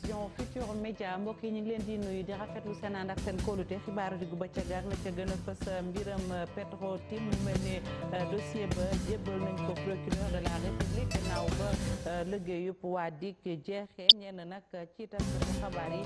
télévision Futurs Médias mbokk yi ñu ngi leen di nuyu di rafetlu seen ànd ak seen kóolute xibaaru diggu bëccëg ak la ca gën a fës euh, mbiram euh, Petro-Tim mu mel ne euh, dossier ba jébbal nañ ko procureur la République gannaaw ba liggéey yëpp waa DIC jeexee ñenn nag ci taskatu xabaar yi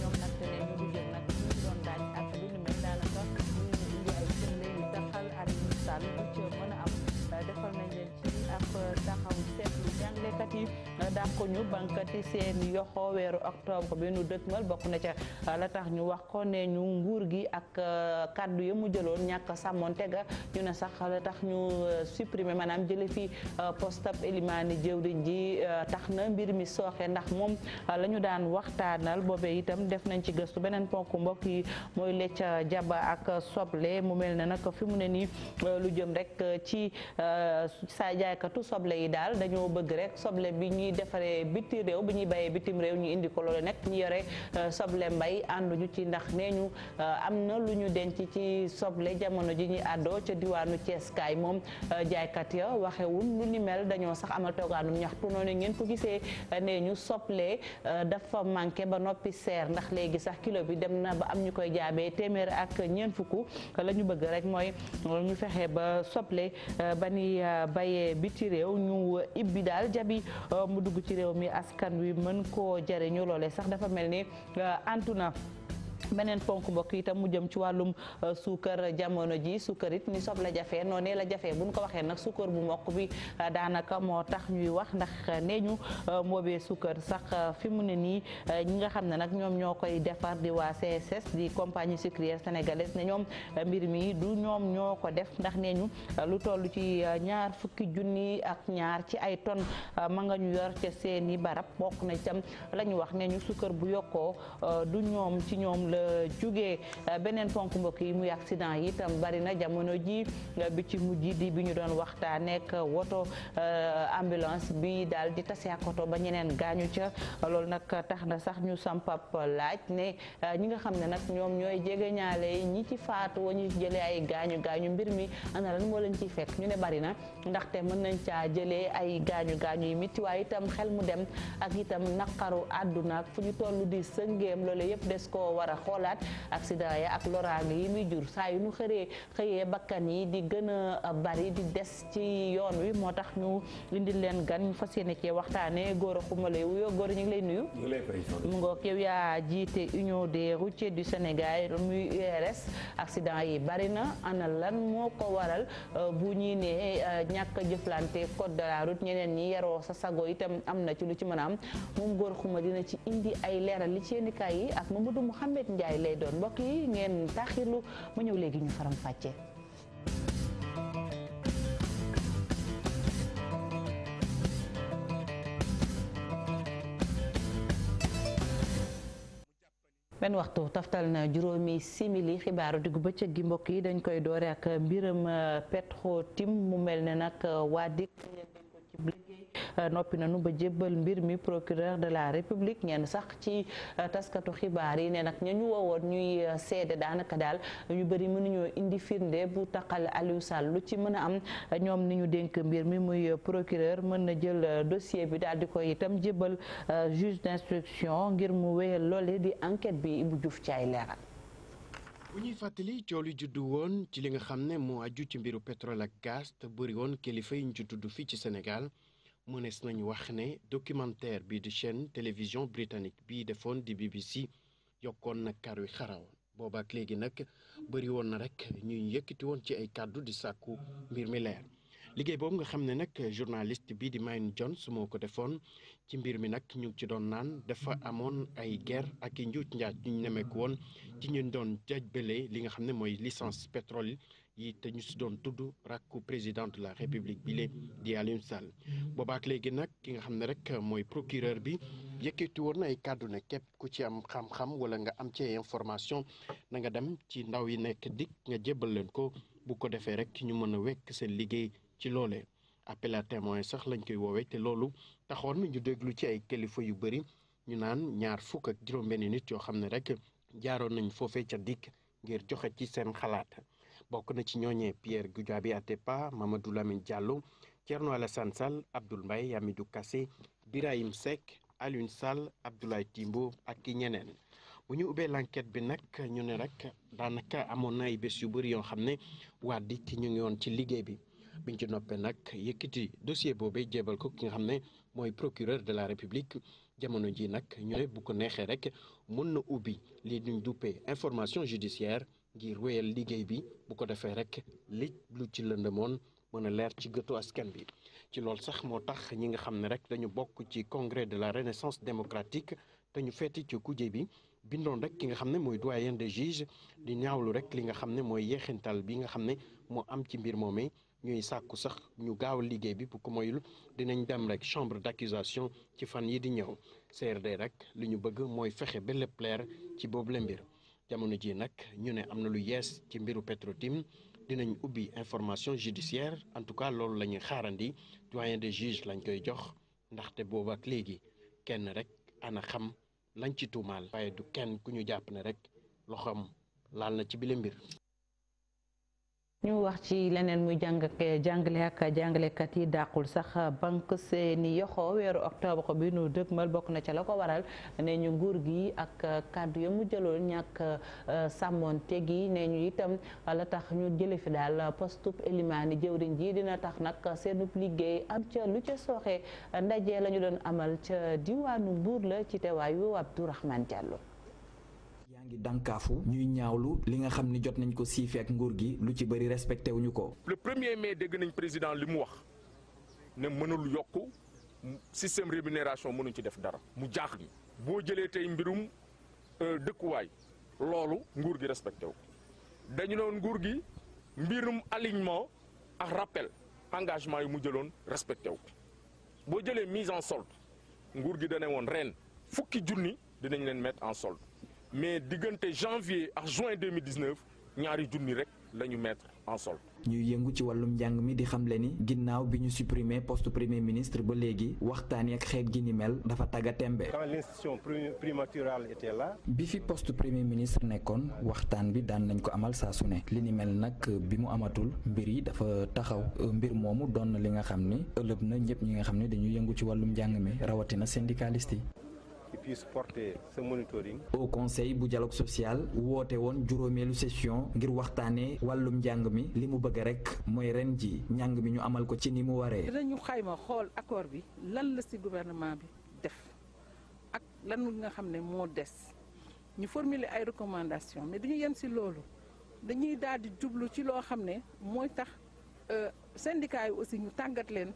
ñoom nag ne ñu ngi jël nag ñu doon daaj ak lu ni ñu ngi ay firnde yu taxal ak ñu sàll bu ci mën a am defal nañ leen ci ab taxaw seetlu jàngalekat yi dàq ko ñu bankati seen yoxo weeru octobre bi nu dëkkmal bokk na ca la tax ñu wax ko ne ñu nguur gi ak euh, kàddu ya mu jëloon ñàkk sàmmoon tega ñu ne sax la tax ñu euh, supprimer maanaam jële fi euh, poste ab Elimaani jëwriñ ji tax na mbir mi sooxe ndax moom la ñu daan waxtaanal boobee itam def nañ ci gëstu beneen ponk mbokk yi mooy lecc jaba ak soble mu mel ne nag fi mu ne nii lu jëm rek ci saa jaaykatu soble yi daal dañoo bëgg rek soble bi ñuy ñuy defaree biti réew bi ñuy bayee bitim réew ñu indi ko loolu nag ñu yore euh, soble mbay ànduñu ci ndax nee ñu euh, am na lu ñu denc ci soble jamono ji ñuy àddoo ca diwaanu Thiès moom euh, jaaykat ya waxewun lu ni mel dañoo sax amal toogaanum ñaxtu noonu ngeen ko gisee nee ñu soble dafa manqué ba noppi seer ndax léegi sax kilo bi dem na am ñu koy jaabee téeméer ak ñeent fukk la bëgg rek mooy ñu fexe ba biti réew ñu ibbi daal jabi mu dugg ci réew mi askan wi mën koo jariñu loolee sax dafa mel ni euh, antu na beneen ponk mbokk itam mu jëm ci wàllum euh, suukar jamono ji suukar it ni soble jafe noonee la jafe bu buñ ko waxee nag suukar bu mokk bi euh, daanaka moo tax ñuy wax ndax euh, nee ñu mboobee suukar sax fi mu ne nii ñi nga xam ne nag ñoom ñoo koy defar di waa CSS di compagnie sucrière sénégalaise ne ñoom mbir mi du ñoom ñoo ko def ndax nee lu toll ci ñaar fukki junni ak ñaar ci ay tonnes ma nga ñu yor seeni barab bokk na itam la wax ne ñu suukar bu yokkoo du ñoom ci ñoom la jugee euh, beneen ponk mbokk yi muy accident yi itam bari na jamono ji euh, bi ci mujj di bi ñu doon waxtaanee ak woto euh, ambulance bi daal di tase ak ba ñeneen gaañu ca loolu nag tax na sax ñu sampap laaj ne ñi nga xam ne nag ñoom ñooy jege ñaale ñi ci faatu wa ñu jëlee ay gaañu gaañu mbir mi ana lan moo leen ci fekk ñu ne bari na ndaxte mën nañ ca jëlee ay gaañu gaañu yi métti waaye itam xel mu dem ak itam naqaru àdduna ak fu ñu toll di sëngeem loolu yëpp des xoolaat accident ya ak loraange yi muy jur saa yu nu xëree xëyee bakkan yi di gën a bari di des ci yoon wi moo tax ñu indil leen gan ñu fas yéene cee waxtaane góor a xumale wuyoo góor ñu ngi lay nuyu mu ngoog yow yaa jiite union des routiers du Sénégal muy URS accident yi bari na ana lan moo ko waral euh, bu ñuy euh, ñàkk jëflante code de ñeneen ñi yaroo sa sago yitam am na ci lu ci mën a am moom góor xuma dina ci indi ay leeral li ci yéenikaay yi ak Mamadou Mouhamed Ndiaye lay doon mbokk yi ngeen taaxirlu ma ñëw léegi ñu faram fàccee. benn waxtu taftal na juróomi simili xibaaru diggu bëccëg gi mbokk yi dañ koy doore ak mbiram euh, Petro Tim mu mel ni nag euh, waa dikk Euh, noppi nanu ba jébbal mbir mi procureur de la république ñenn sax ci euh, taskatu xibaar yi ne nag ña ñu woowoon ñuy euh, seede daanaka daal ñu bari mën nañoo indi firnde bu taqal Aliou lu ci mën a am ñoom ni ñu denk mbir mi muy procureur mën na jël dossier bi daal di koy itam jébbal juge d'instruction ngir mu wéyal loole di enquête bi Ibou Diouf ci ay leeral bu ñuy fàttali coow li juddu woon ci li nga xam ne moo aju ci mbiru pétrole ak gaz te bëri woon kilifa yi ñu ci fii ci Sénégal mënees nañu wax ne documentaire bii di chaîne télévision britanique bii defoon di BBC yokkoon na kar wi xaraw boobaak léegi nag bëri woon na rek ñuy yëkkati woon ci ay kàddu di sàkku mbir mi leer liggéey boobu nga xam ne nag journaliste bii di Mayne Jones moo ko defoon ci mbir mi nag ñu ngi ci doon naan dafa amoon ay ger ak i njuuj njaaj ñu nemmeeku woon ci ñu doon jaj bële li nga xam ne mooy licence pétrole yi te ñu si doon tudd rakku président de la république bi di Alioune Sall boobaak léegi nag ki nga xam ne rek mooy procureur bi yëkkati woon na ay kàddu ne képp ku ci am xam-xam wala nga am ci information na nga dem ci ndaw yi nekk dik nga jébbal leen ko bu ko defee rek ñu mën a wekk seen liggéey ci loole appel à sax lañ koy woowee te loolu taxoon ñu déglu ci ay kilifa yu bëri ñu naan ñaar fukk ak juróom-benn nit yoo xam ne rek jaaroon nañ foofee ca dikk ngir joxe ci seen xalaat bokk na ci ñooñee Pierre Goudiaby Atepa Mamadou Lamine Diallo Thierno Alassane Sall Abdoul Mbaye Hamidou Kassé Birahim Seck Alioune Sall Abdoulaye Timbo ak i ñeneen bu ñu ubbee l'enquête bi nag ñu ne rek daanaka amoon na ay bés yu bëri yoo xam ne waa dikk ñu ngi woon ci liggéey bi biñ ci noppee nag yëkkati dossier boobee jébal ko ki nga xam ne mooy procureur de la république jamono ji nag ñu ne bu ko neexee rek mën na ubbi lii duñ duppee information judiciaire ngir wéyal liggéey bi bu ko defee rek li lu ci lëndëmoon mën a leer ci gëtu askan bi ci loolu sax moo tax ñi nga xam ne rek dañu bokk ci congrès de la renaissance démocratique te ñu feeti ci kuje bi bindoon rek ki nga xam ne mooy doyen des juges di ñaawlu rek li nga xam ne mooy yeexintal bi nga xam ne moo am ci mbir moomee ñuy sàkku sax ñu gaaw liggéey bi bu ko moyul dinañ dem rek chambre d'accusation ci fan yi di ñëw CRD rek li ñu bëgg mooy fexe ba lépp leer ci boobu la jamono ji nag ñu ne am na lu yees ci mbiru Petrotim dinañ ubbi information judiciaire en tout cas loolu la ñuy xaarandi doyen des juges lañ koy jox ndaxte booba ak léegi kenn rek ana xam lañ ci tuumaal waaye du kenn ku ñu jàpp ne rek loxoom laal na ci bile mbir ñu wax ci leneen muy jàng eh, jàngale ak jàngalekat yi dàqul sax banque seeni yoxo weeru octobre bi nu dëgmal bokk na ca la ko waral ne ñu nguur gi ak kàddu ya mu jëloon ñàkk sàmmoon eh, sàmmoonte gi ne ñu itam wala tax ñu jële fi daal postub elimaani jëwriñ ji dina tax nag seenub liggéey am ca lu ca sooxee ndaje lañu ñu doon amal ca diwaanu mbuur la ci teewaayu Abdourahmane Diallo yaa ngi dànkaafu ñuy ñaawlu li nga xam ni jot nañ ko siife ak nguur gi lu ci bëri respecté wuñu ko. le premier mai dégg nañ président li mu wax ne mënul yokk système rémunération mënuñ ci def dara mu jaax ñi boo jëlee tey mbirum euh, dëkkuwaay loolu nguur gi respecté wu dañu doon nguur gi mbirum alignement ak rappel engagement yi mu jëloon respecté wu boo jëlee mise en solde nguur gi dana woon ren fukki junni dinañ leen mettre en solde mais diggante janvier ak juin 2019 ñaari junni rek la ñu mettre en sol ñuy yëngu ci wàllum njàng mi di xamle ni ginnaaw bi ñu supprimer post premier ministre ba léegi waxtaan yi ak xeet gi ni mel dafa tagga tembe quand l'institution primaturale était bi fi poste premier ministre nekkoon waxtaan bi daan nañ ko amal saa su ne li ni mel nag bi mu amatul mbir yi dafa taxaw mbir moomu doon na li nga xam ni ëllëg na ñëpp ñi nga xam ne dañuy yëngu ci wàllum njàng mi rawatina syndicaliste yi. puisse porter ce monitoring. au conseil bu jaloog social woote woon juróomeelu session ngir waxtaanee wàllum njàng mi li mu bëgg rek mooy ren ji njàng mi ñu amal ko ci ni mu waree. ñu xayma xool accord bi lan la ci gouvernement bi def ak lan nga xam ne moo des ñu formuler ay recommandations mais duñu yem ci loolu dañuy daal di jublu ci loo xam ne mooy tax euh, syndicat yi aussi ñu tàggat leen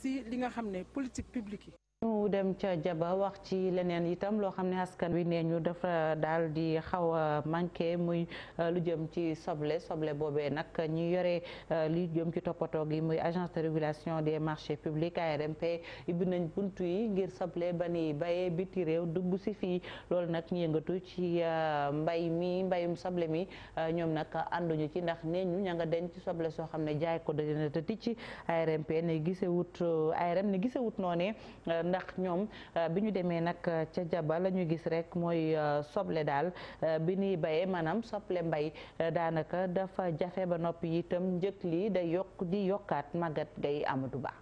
ci li nga xam ne politique publique yi. ñu dem ca jaba wax ci leneen itam loo xam ne askan wi nee ñu dafa daal di xaw a manqué muy euh, lu jëm ci soble soble boobee nag ñu yore euh, lu jëm ci toppatoo gi muy agence de régulation des marchés publics ARMP ibbi nañ buntu yi ngir soble ba ni bayee biti réew dugg si fii loolu nag ñu yëngatu ci euh, mbay mi mbayum soble mi ñoom nag ànduñu ci ndax nee ñu ña nga denc soble soo xam ne jaay ko dina te ticc ARMP ne gisewut ARM ne gisewut noonee ndax ñoom euh, bi ñu demee nag euh, ca jaba la ñu gis rek mooy euh, soble daal bi nuy bayee maanaam soble mbay daanaka dafa jafe ba noppi itam njëg lii day yokk di yokkaat màggat gay Amadou Ba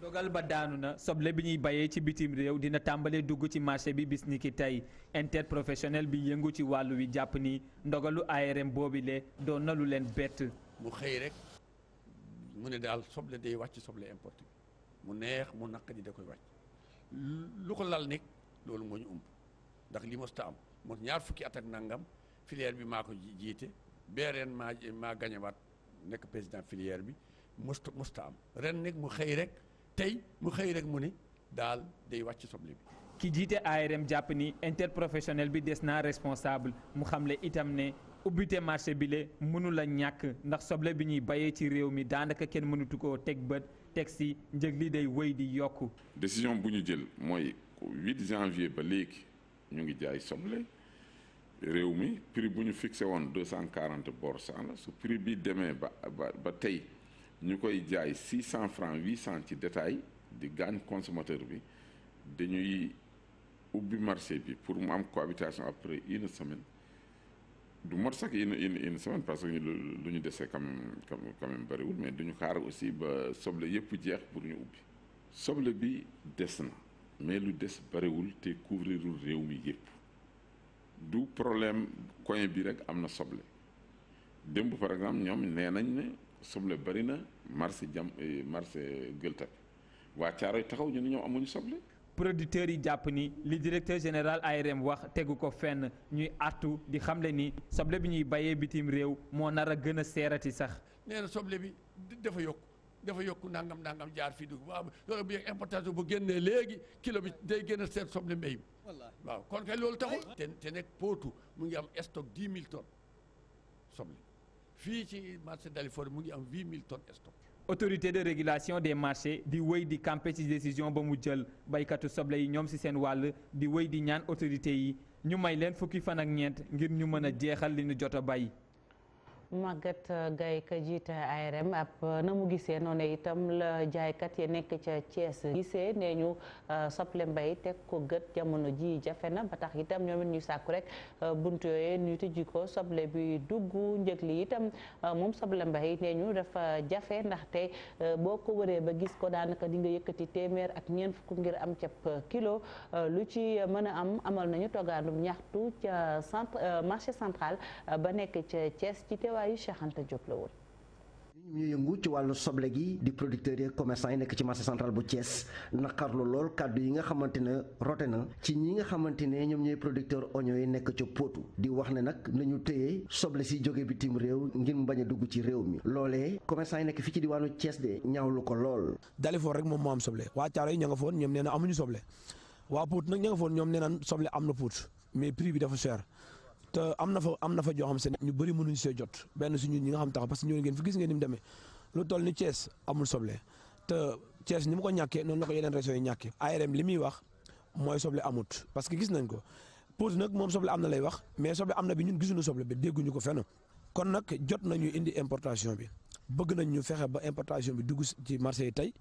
dogal ba daanu na soble bi ñuy bayee ci bitim réew dina tàmbalee dugg ci marché bi bis ni ki tey interprofessionnel bi yëngu ci wàllu wi jàpp ni ndogalu ARM boobile doon na lu leen bett. mu xëy rek mu ne daal soble day mu neex mu naq di da koy wàcc lu ko lal nekk loolu moo ñu umb ndax li mos am moo ñaar fukki at ak nangam filière bi maa ko jiite bee ren maa gañewaat nekk président filière bi mosta mosta am ren nekk mu xëy rek tey mu xëy rek mu ni daal day wàcc soble bi ki jiite ARM jàpp ni interprofessionnel bi des naa responsable mu xam xamle itam ne ubbite marché bi le mënul ñàkk ndax soble bi ñuy bayee ci réew mi daanaka kenn mënatu koo teg bët teg si njëg li day wéy di yokku. décision bu ñu jël mooy 8 janvier ba léegi ñu ngi jaay soble réew mi prix bu ñu fixé woon 240 borsan la su prix bi demee ba ba tey ñu koy jaay 600 francs 800 ci détail di gaañ consommateur bi dañuy ubbi marché bi pour mu am cohabitation après une semaine. du mot sax une une une parce que lu ñu dese quand même quand même bëriwul mais duñu xaar aussi ba soble yëpp jeex pour ñu ubbi soble bi des na mais lu des bëriwul te couvrirul réew mi yëpp du problème coin bi rek am na soble démb par exemple ñoom nee nañ ne soble bëri na marché jam eh, marché Gueule Tapée waa Caaroy taxaw ñu ne ñoom amuñu soble producteurs yi jàpp ni li directeur général ARM wax tegu ko fenn ñuy artu di xamle ni soble bi ñuy bayee bitim réew moo nar a gën a seerati sax. nee na soble bi dafa yokk dafa yokk nangam nangam jaar fii dugub waaw loolu bu yegg importation bu génnee léegi kilo bi day gën a seet soble mbéy mi waaw kon kay loolu taxul. te te nekk pootu mu ngi am stock dix mille tonnes soble fii ci marché Dalifort mu ngi am huit mille tonnes stock. autorité de régulation des marchés di woy di campé ci décision ba mu jël baykatu soble yi ñoom ci seen wàll di woy di ñaan autorité yi ñu may leen fukki fan ak ñeent ngir ñu mën a jeexal li ñu jot a bay Maguette Gaye ka jiite ARM ab na mu gisee noone itam la jaaykat yi nekk ca Thiès gisee nee ñu euh, soble mbay teg ko gët jamono ji jafe na ba tax itam ñoom ñu sàkku rek euh, buntu yooyu ñu tijji ko soble bi dugg njëg li itam euh, moom soble mbay nee ñu dafa jafe ndaxte boo ko wëree ba gis ko daanaka di nga yëkkati téeméer ak ñeent fukk ngir am ca kilo lu ci mën a am amal nañu toggaanum ñaxtu ca centre marché central ba nekk ca Thiès ci teew taxawaayu Cheikh Anta Diop la woon. ñu yëngu ci wàllu soble gi di producteur yi commerçants yi nekk ci marché central bu cees na naqarlu lool kàddu yi nga xamante ne rote na ci ñi nga xamante ne ñoom ñooy producteur oignon yi nekk ca Potou di wax ne nag nañu téye soble si jóge bitim réew ngir mu bañ dugg ci réew mi loolee commerçants yi nekk fii ci di diwaanu cees de ñaawlu ko lool. Dalifort rek moom moo am soble waa Thiaro yi ña foon ñoom nee na amuñu soble waa Pout nag foon ñoom nee na soble am na Pout mais prix bi dafa cher. te am na fa am na fa joo xam se ne ñu bëri mënuñ see jot benn suñu ñi nga xam tax parce que ñoo ngeen fi gis ngeen ni mu demee lu toll ni Thiès amul soble te Thiès ni mu ko ñàkkee noonu la ko yeneen régions yi ñàkkee ARM li muy wax mooy soble amut parce que gis nañ ko pause nag moom soble am na lay wax mais soble am na bi ñun gisuñu soble bi dégguñu ko fenn kon nag jot nañu indi importation bi bëgg nañ ñu fexe ba importation bi dugg ci marché yi tey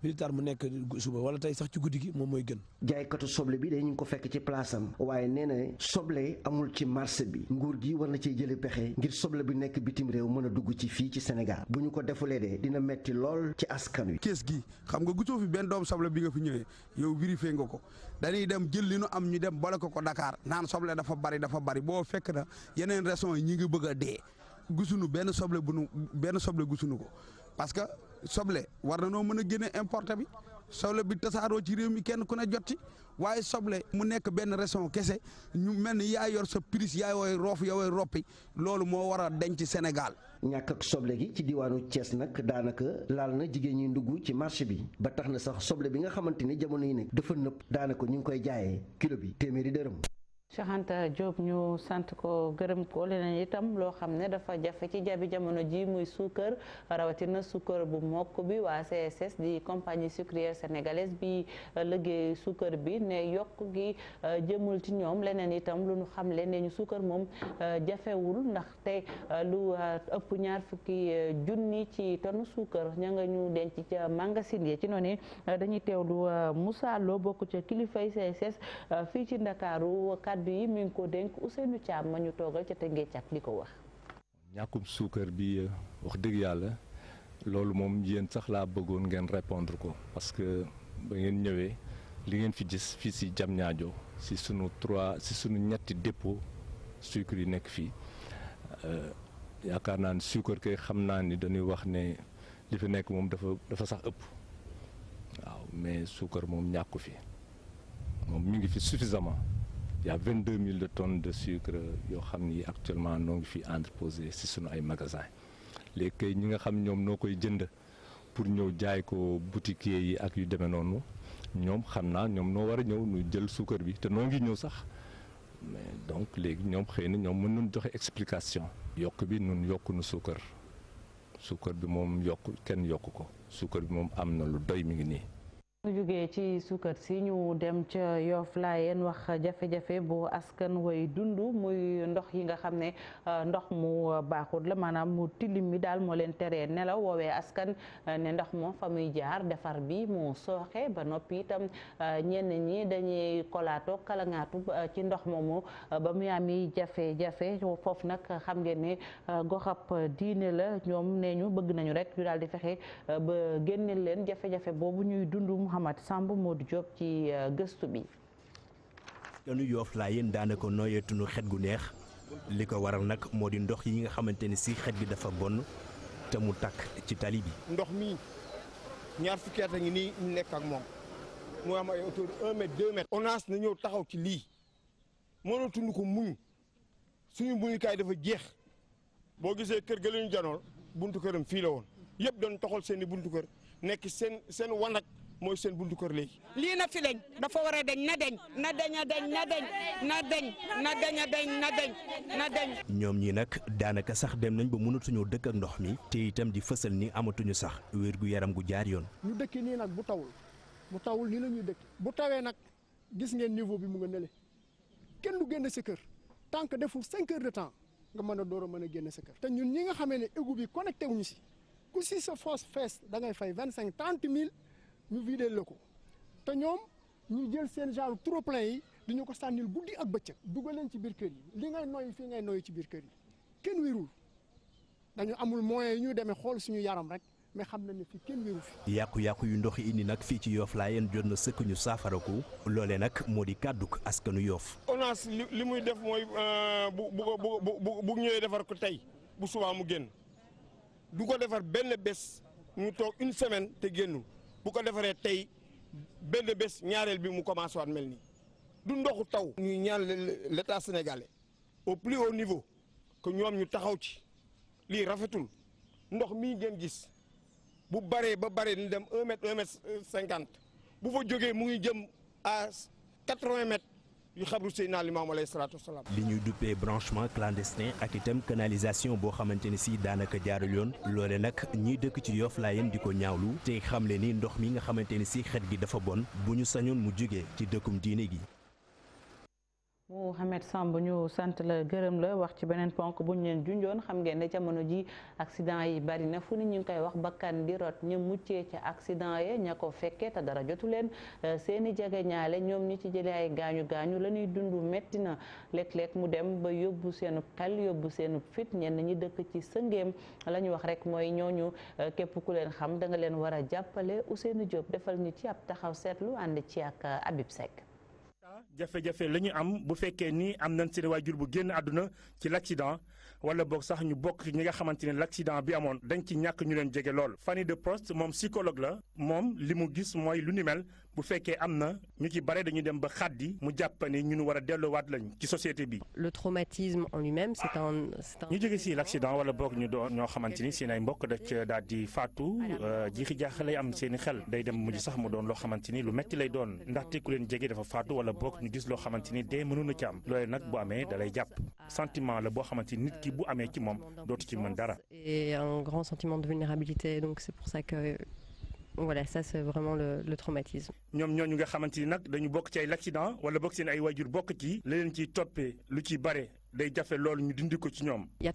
plus tard mu nekk suba wala tey sax ci guddi gi moom mooy gën. jaaykatu soble bi dañu ko fekk ci place am waaye nee na soble amul ci marché bi nguur gi war na cee jëlee pexe ngir soble bi nekk bitim réew mën a dugg ci fii ci Sénégal bu ñu ko defulee de dina metti lool ci askan wi. kees gi xam nga gisoo fi benn doom soble bi nga fi ñëwee yow vérifié nga ko dañuy dem jël li nu am ñu dem bala ko ko Dakar naan soble dafa bari dafa bari boo fekk na yeneen raison yi ñu ngi bëgg a dee gisuñu benn soble nu benn soble gisuñu ko soble war na noo mën a génne importé bi soble bi tasaaroo ci réew mi kenn ku ne jot ci waaye soble mu nekk benn raison kese ñu mel ni yaa yor sa prise yaay wooy roof yaa wooy roppi loolu moo war a denc Sénégal. ñàkk ak soble gi ci diwaanu Thiès nag daanaka laal na jigéen ñi ndugg ci marché bi ba tax na sax soble bi nga xamante ni jamono yi nekk dafa nëpp daanaka ñu ngi koy jaayee kilo bi téeméeri dërëm. Cheikh Anta Diop ñu sant ko gërëm ko leneen itam loo xam ne dafa jafe ci jabi jamono jii muy suukar rawatina suukar bu mokk bi waa CSS di compagnie sucrière sénégalaise bi euh, liggéey suukar bi ne yokk gi euh, jëmul ci ñoom leneen itam lu ñu xamle ne ñu suukar moom euh, jafewul ndax ndaxte lu ëpp ñaar fukki junni ci tonne suukar ña nga ñu denc ca magasin yi ci noonu dañuy teewlu Moussa Lo bokk ca kilifay CSS fii ci Ndakaaru kàddu yi mi ngi ko dénk Ousseynou Thiam ma ñu toogal ca Tëngéej ak di ko wax. ñàkkum suukar bi wax dëgg yàlla loolu moom yéen sax laa bëggoon ngeen répondre ko parce que ba ngeen ñëwee li ngeen fi gis fii si ñaajo si sunu trois si sunu ñetti dépôt sucre yi nekk fii euh, yaakaar naa ni suukar kay xam naa ni dañuy wax ne li fi nekk moom dafa dafa sax ëpp waaw mais suukar moom ñàkku fi moom mu ngi fi suffisamment yaa y a vingt deux mille tonnes de sucre yoo xam ni actuellement noo ngi fi entreposé si sunu ay magasin léegi kay ñi nga xam ñoom noo koy jënd pour ñëw jaay ko boutiquier yi ak yu demee noonu ñoom xam naa ñoom noo war a ñëw nu jël suukar bi te noo ngi ñëw sax mais donc léegi ñoom xëy na ñoom mën nañ joxe explication. yokk bi nun yokk nu suukar suukar bi moom yokk kenn yokk ko suukar bi moom am na lu doy mi ngi nii. ñu jógee ci suukar si ñu dem ca Yoff Layeen wax jafe-jafe bu askan way dund muy ndox yi nga xam ne euh, ndox mu baaxul la maanaam mu tilim mi daal moo leen teree nelaw woowee askan euh, ne ndox moom fa muy jaar defar bi mu sooxe ba noppi itam euh, ñenn ñi dañuy kolaatoo kalaŋaatu ci ndox moomu ba muy ami jafe-jafe foofu nag xam ngeen ne goxab diine la ñoom nee ñu bëgg nañu rek ñu daal di fexe ba génne leen jafe-jafe boobu ñuy dund Mouhamad Samb Modou Diop ci euh, gëstu bi. yoonu Yoff laa yéen daanaka nooyeetuñu xet gu neex li ko waral nag moo di ndox yi nga xamante ni si xet gi dafa bon te mu takk ci tali bi. ndox mi ñaar fukki a ngi nii nekk ak moom mu am ay hauteur un mètre deux na ñëw taxaw ci lii mënatuñu ko muñ suñu muñukaay dafa jeex boo gisee kër ga la ñu janool buntu këram fii la woon yëpp doon toxal seen i buntu kër nekk seen seen wanag. mooy seen buntu kër léegi. lii na fi dañ dafa war a dañ na dañ na deñ a dañ na dañ na dañ na dañ a na dañ na dañ. ñoom ñii nag daanaka sax dem nañ ba mënatuñoo dëkk ak ndox mi te itam di fësal ni amatuñu sax wér gu yaram gu jaar yoon. ñu dëkk nii nag bu tawul bu tawul nii la ñuy dëkk bu tawee nag gis ngeen niveau bi mu nga nele kenn lu génn sa kër tant que deful cinq heures de temps nga mën a door a mën a génn sa kër. te ñun ñi nga xamee ne égout bi connecté wuñu si ku sa fosse fees da ngay fay vingt cinq trente mille. ñu vidé la ko te ñoom ñu jël seen genre trop plein yi di ñu ko sànnil guddi ak bëccëg. dugal leen ci biir kër yi li ngay noyyi fii ngay noyyi ci biir kër yi kenn wérul dañu amul moyen yi ñu demee xool suñu yaram rek. mais xam na ne fi kenn wéru fi yàqu-yàqu yu ndox yi indi nag fii ci Yoff laa yéen jot na sëkk ñu saafara ko loolee nag moo di kàdduk askanu yoof ONAS li muy def mooy euh, bu bu bu bu ñëwee defar ko tey bu subaa mu génn du ko defar benn bés mu toog une semaine te génnul bu ko defaree tey benn bés ñaareel bi mu commencé waat mel nii du ndoxu taw. ñuy ñaan l'état sénégalais au plus haut niveau que ñoom ñu taxaw ci lii rafetul ndox mii ngeen gis bu baree ba baree ni dem un mètre un mètre cinquante bu fa jógee mu ngi jëm à quatre-vingts mètres. yu xabru Seydina Limaamu alayhi salaatu wa salaam. li ñuy duppee branchement clandestin ak itam canalisation boo xamante ne si daanaka jaarul yoon loole nag ñiy dëkk ci Yoff laa di ko ñaawlu te xamle ni ndox mi nga xamante ne si xet gi dafa bon bu ñu sañoon mu jugee ci dëkkum diine gi. Mouhamed Samb ñu sant la gërëm la wax ci beneen ponk bu ñu leen junjoon xam ngeen ne jamono ji accident yi bari na fu ni ñu ngi koy wax bakkan di rot ñu muccee ca accident ye ña ko fekkee te dara jotu leen euh, seeni jege ñaale ñoom ñi ci jëlee ay gaañu gaañu la ñuy dund metti na léeg-léeg mu dem ba yóbbu seenu xel yóbbu seenu fit ñenn ñi dëkk ci sëngeem la ñu wax rek mooy ñooñu euh, képp ku leen xam danga leen war a jàppale Ousseynou Diop defal ñu ci ab taxaw seetlu ànd ci ak euh, Habib Seck jafe-jafe la ñu am bu fekkee ni am nañ seen waajur bu génn àdduna ci l'accident wala boog sax ñu bokk ñi nga xamante ne l'accident bi amoon dañ ci ñàkk ñu leen jege lool. Fanny de Prost moom psychologue la moom li mu gis mooy lu ni mel bu fekkee am na ñu ci bare dañu dem ba xaddi mu jàpp ne ñun war a delloowaat lañ ci société bi. le traumatisme en lui-même c'est un c'est un. ñu jóge si l'accident ñu doon ñoo xamante ni seen ay mbokk da ca di faatu euh, jiixi jaaxa lay am seen i xel day dem mujj sax mu doon loo xamante ni lu metti lay doon ndaxte ku leen jege dafa faatu wala boog ñu gis loo xamante ni dee mënoon na ci am loolu nag bu amee da lay jàpp sentiment la boo xamante ni nit ki bu amee ci ci mën dara. et un grand sentiment de voilà ça c'est vraiment le le traumatisme. ñoom ñooñu nga xamante ni nag dañu bokk ci ay accident wala bokk seen ay waajur bokk ci. leen ciy toppee lu ci bare day jafe loolu ñu dindi ko ci ñoom. nga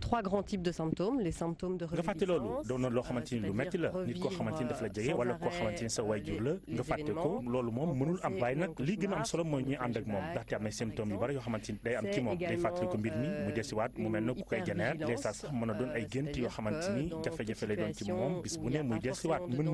fàtte loolu doon na loo xamante ni lu métti la nit koo xamante ni la jege wala koo xamante ni sa waajur la nga fàtte ko loolu moom mënul am waaye nag li gën a am solo ñuy ànd ak moom ndaxte am na symptômes yu bari yoo xamante day am ci moom day fàttali ko mbir mi mu euh, desiwaat mu mel na ku koy jeneer des saa sax mën a doon ay gént yoo xamante jafe-jafe lay doon ci moom bis bu ne muy desiwaat mën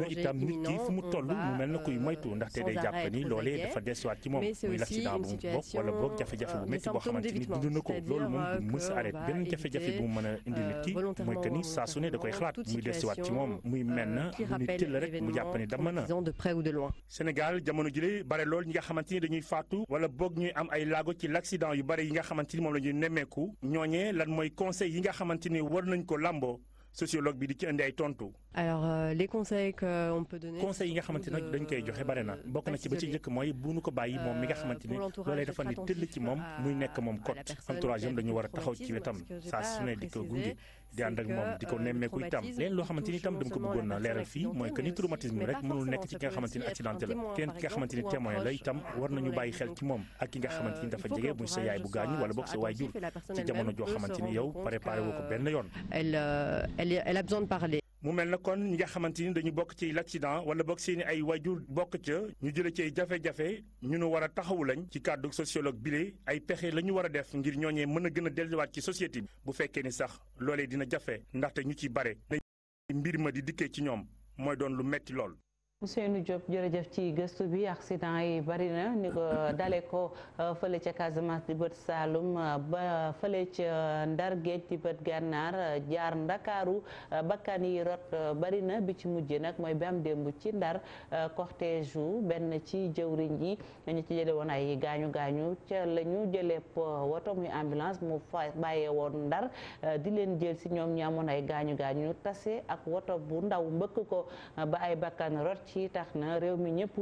na moom mës arrêt benn jafe-jafe bu mu mën a indi nit ki euh, mooy que ni saa su ne da koy euh, xalaat muy desiwaat ci moom muy euh, mel na mu ni tëll rek mu jàpp ne dama na Sénégal jamono jile bare lool ñi nga xamante ni dañuy faatu wala boog ñuy am ay laago ci l'accident yu bare yi nga xamante ni moom la ñuy nemmeeku ñooñee lan mooy conseil yi nga xamante ni war nañ ko làmboo sociologue bi di ci indi ay tontu alors euh, les euh, conseils yi nga xamante ne koy joxe bare na euh, bokk na ci ba ci njëkk mooy bu nu ko bàyyi moom mi nga xamante ni dafa ne tëll ci moom muy nekk moom cote entourage dañu war a taxaw ci wetam saa su ne di ko gunge di ànd ak moom di ko nemmeeku itam. leen loo xamante itam dama ko bëggoon na leeral fii mooy que ni traumatisme rek mënul nekk ci ki nga xamante ni la kenn ki nga xamante ni la itam war nañu bàyyi xel ci moom ak ki nga mu mel na kon ñi nga xamante ni dañu bokk ci l'accident wala bokk seeni ay waajur bokk ca ñu jële ci ay jafe-jafe ñu nu war a taxawu lañ ci kàddu bi bile ay pexe la ñu war a def ngir ñooñee mën a gën a delluwaat ci société bi bu fekkee ni sax loolee dina jafe ndaxte ñu ci bare mbir ma di dikkee ci ñoom mooy doon lu metti lool Ousseynou Diop jërëjëf ci gëstu bi accident yi bari na ni ko dale ko euh, fële ca Casamance di bët Saalum euh, ba fële ca euh, Ndar géej di bët gànnaar jaar Ndakaaru bakkan yi rot bari na bi ci mujj nag mooy bi démb ci Ndar cortège u benn ci jëwriñ yi ñu ci jële woon ay gaañu gaañu la ñu jëleeb woto muy ambulance mu fa bàyyee woon Ndar di leen jël si ñoom ñi amoon ay gaañu gaañu tase ak woto bu ndaw mbëkk ko ba ay bakkan rot ci tax na réew mi ñëpp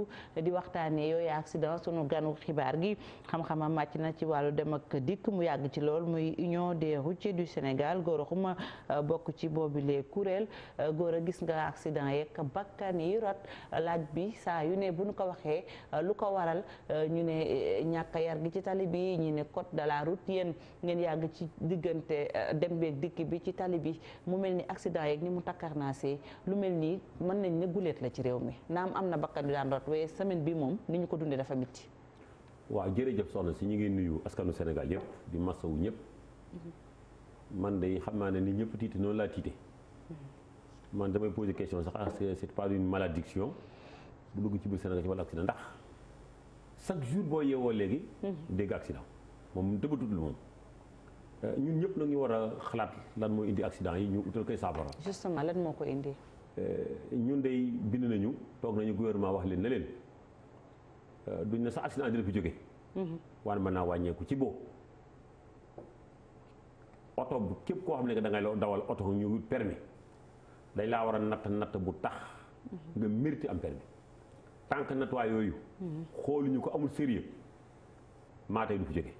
di waxtaanee yooyu accident suñu ganu xibaar gi xam-xamam màcc na ci wàllu dem ak dikk mu yàgg ci lool muy union des routiers du Sénégal góor a xuma euh, bokk ci boobile kuréel euh, góor a gis nga accident yeeg bakkan rot laaj bi saa yu ne bu ñu ko waxee euh, lu ko waral ñu ne ñàkk yar gi ci tali bi ñu ne code de la route ngeen yàgg ci diggante dem beeg dikk bi ci tali bi mu mel ni accident yeeg ni mu naa takkarnaasee lu mel nii mën nañ ne guleet ci réew mi naam am na bakkan yu daan rot waaye semaine bi moom ni ñu ko dundee dafa mitti waaw jërëjëf soxna si ñu ngi nuyu askanu Sénégal yëpp bi masawu ñëpp mm-hmm. man de xam naa ne ni ñëpp tiite noonu laa tiite mm-hmm. man damay poser question sax ah c'est pas une malédiction bu dugg ci biir Sénégal ci wàllu accident ndax chaque jour boo yeewoo léegi. Mm-hmm. dégg accident moom dëbëtul moom. Euh, ñun ñëpp nag ngi war a xalaat lan moo indi accident yi ñu utal koy saafara. justement Eh, ñun dey bind nañu toog nañu gouvernement wax leen ne leen eh, duñ ne sa accident dina fi jóge mhm. waan mën naa wàññeeku ci boo oto bu képp koo xam ne da ngay dawal oto ñu wut dañ laa war a natt natt bu tax mhm. nga mérite am permis tànk nattuwaay yooyu mhm. xooluñu ko amul sérieux maa tey du fi jóge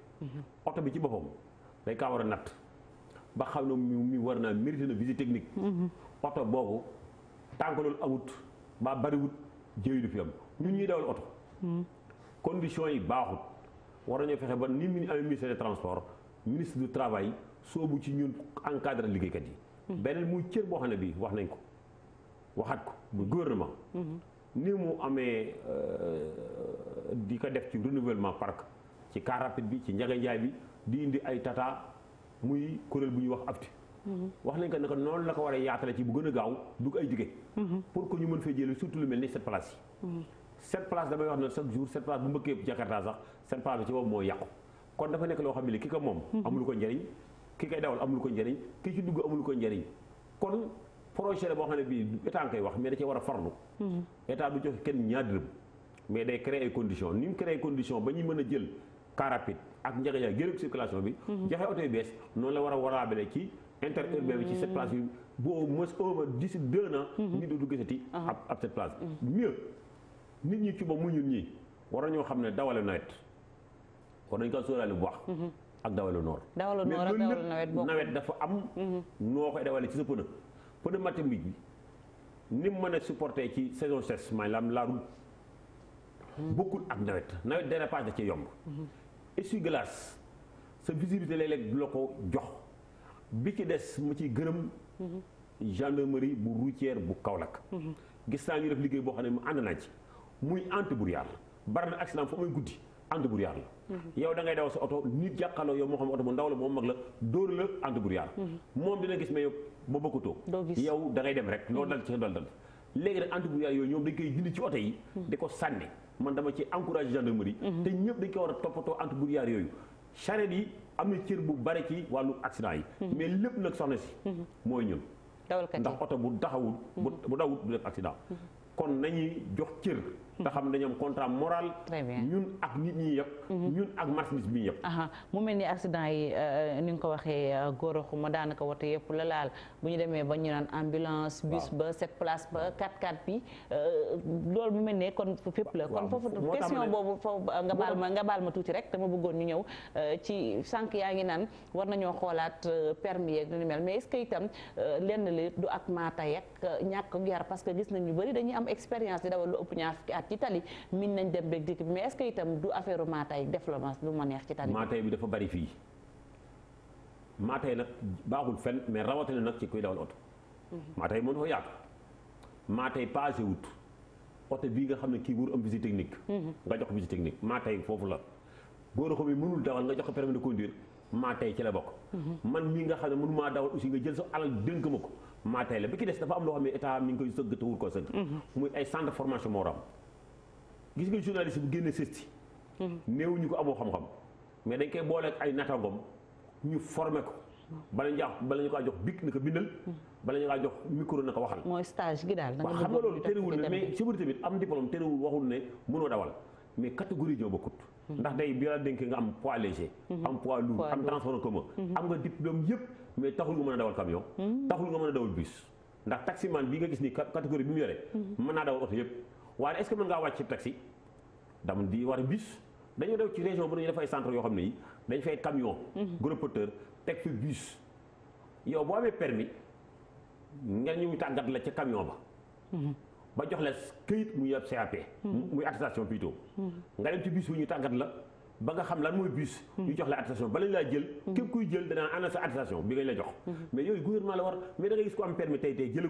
oto bi ci boppam dañ kaa war a natt ba xam ne mu war naa mérite na visite technique oto boobu tant que loolu awut mbaa bariwut jëy du fi am ñun ñuy dawal oto. Hmm. conditions yi baaxut war nañoo fexe ba ni mu amee ministère des transports ministre du travail soobu ci ñun encadré liggéeykat yi. Hmm. beneen muy cër boo xam ne bi wax nañ ko waxaat ko muy gouvernement. Hmm. ni mu amee euh, di ko def ci renouvellement parc ci car bi ci njaganjaay bi di indi ay tata muy kuréel bu ñuy wax abti wax nañ ko ne ko noonu la ko war a yaatale ci bu gën a gaaw du ko ay jóge pour que ñu mën fee jëlee surtout lu mel ni cette place yi cette place damay wax ne chaque jour cette place bi ci boobu moo yàqu kon dafa nekk loo xam amul ko njëriñ ki koy dawal amul ko njëriñ ki ci dugg amul ko njëriñ kon projet la boo xam bii état koy wax mais da cee war a farlu état du joxe kenn ñaar mais day créer ay conditions ni mu créer ay conditions ba ñuy mën a jël car mm-hmm. a interurbain bi ci cette place bi bu au moins au moins d'ici deux ans. Mhm. nit du gisati. Ah ah. ab ab place bi. Mhm. nit ñi ci ba mu ñun ñii war nañoo xam ne dawale nawet war nañ ko sóoraale bu baax. Mhm. ak dawalu noor. dawalu noor ak dawalu nawet bokk nawet dafa am. noo koy dawale ci sa pneu. pneu mathématique bi ni mu mën a supporter ci saison sèche maanaam la route. bokkul ak nawet nawet dérapage da cee yomb. essuie-glace sa visibilité léeg-léeg du la ko jox. bi ci des mu ci gërëm gendarmerie bu routière bu Kaolack gis naa ñu def liggéey boo xam ne ma ànd naa ci muy ant bur yàlla bari na accident fa muy guddi ant bur sa oto nit bu ndaw la moom mag la dóor la ant bur yàlla moom dina gis mais yow ba bokkutoo yow da ngay dem rek loolu dal ci dal dal léegi nag ant bur yàlla yooyu ñoom dañ koy dindi ci oto yi di ko sànni man dama ci encouragé gendarmerie mm-hmm. te ñëpp dañ ko war a toppatoo ant bur yooyu charrette yi am na cër bu bari ci wàllu accident yi. Mhm. mais lépp nag soxna si. Mhm. mooy ñun. dawalkat yi ndax oto bu taxawul. Mhm. bu dawul du def accident. kon nañuy jox cër. te xam ne ñoom contrat moral. très bien ñun ak nit ñi yëpp. Mhm. ñun ak marchandise bi yëpp. mu mel ni accident yi euh, ni nga ko waxee euh, góoraxuma daanaka woto yëpp la laal bu ñu demee ba ñu naan ambulance. bus ba sept place ba 4 x bi euh, loolu mu mel ne kon fépp la. kon foofu question boobu foofu nga baal ma nga baal ma tuuti rek dama bëggoon ñu ñëw ci sànq yaa ngi naan war nañoo xoolaat permis yeeg lu mel mais est-ce que itam lenn li du ak maata yeeg ñàkk yar parce gis nañu bari dañuy am expérience ci tali min nañ dem beeg dikk mais est-ce que itam du affaire maa def la ma lu ma neex ci tali. maa bi dafa bari fii maa tay nag baaxul fenn mais rawatina nag ci kuy dawal oto. Mhm. maa tay mën ko yaatu. maa tay passé bii nga xam ne kii wur am visite technique. Mhm. nga jox visite technique maa foofu la. góor ko bi mënul jox ko de conduire maa ci la bokk. Mhm. man mii nga xam ne mënu maa dawal aussi nga jël sa alal dénk ma ko. maa la bi ki des dafa am loo xam ne état mi ngi koy sëgg te wur ko sëgg. muy ay centre formation moo gis nga journaliste bu génne sësti hmm. néewuñu ko amoo xam-xam mais dañ koy booleeg ay natangom ñu formé ko bala ñu bala ñu ko jox bic na ko bindal hmm. bala ñu ko jox micro na ko waxal mooy stage gi daal waaw xam nga loolu terewul ne mais si tamit am diplôme terewul waxul ne mënoo dawal mais catégorie ñoo bokkut hmm. ndax day bi la dénk nga am poids léger am poids lourd am transport en commun am nga diplôme yëpp mais taxul nga mën a dawal camion taxul nga mën a dawal bus ndax taximan bii nga gis ni catégorie waaye est-ce que mën ngaa wàcc ci taxi di war bus dañu def ci région bu nañu dafay centre yoo xam ne yi dañ fay camion mhm. gros porteur teg fi bus yow boo amee permis nga ñu tàggat la ca camion ba mhm. ba jox la këyit muy ab CAP mhm. muy attestation plutôt nga dem ci bus bu ñu tàggat la ba nga xam lan mooy bus ñu jox la attestation ba lañ laa jël képp kuy jël danaa ana sa attestation bi nga la jox mais yooyu gouvernement la war mais da gis ko am permis tey tey jële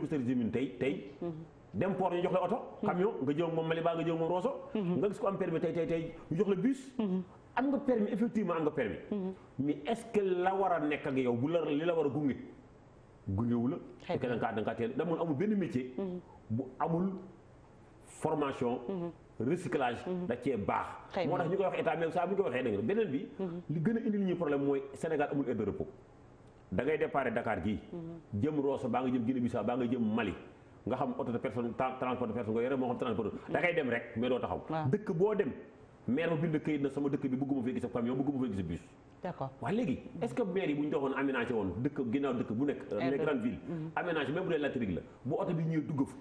dem port ñu jox la oto mm-hmm. camion nga jëw moom Maliba nga jëw moom Rosso mm-hmm. nga gis ko am permis tey tey ñu jox la bus mm-hmm. am nga permis effectivement am nga permis mais est la war a nekk ak yow bu la li la war a gunge gungewu la fekk da nga kaa da nga kaa teel da mun amul benn métier da baax moo tax ñu koy wax état même saa bu ñu koy waxee dégg nga beneen bi li gën a indil ñu problème mooy Sénégal amul aide de repos da ngay déparé Dakar gii jëm Rosso baa nga jëm Guinée Bissau baa nga jëm Mali nga xam auto de personne transport de personne nga yore moo xam transport da ngay dem rek mais doo taxaw dëkk boo dem maire ba bind kayit na sama dëkk bi bëgguma fee gis ab camion bëgguma fee gis ab bus d'accord waaw léegi est-ce que maire yi bu ñu doxoon aménagé woon dëkk ginnaaw dëkk bu nekk les grandes villes mm-hmm. aménagé même bu dee latérique la bu oto bi ñëwee dugg fa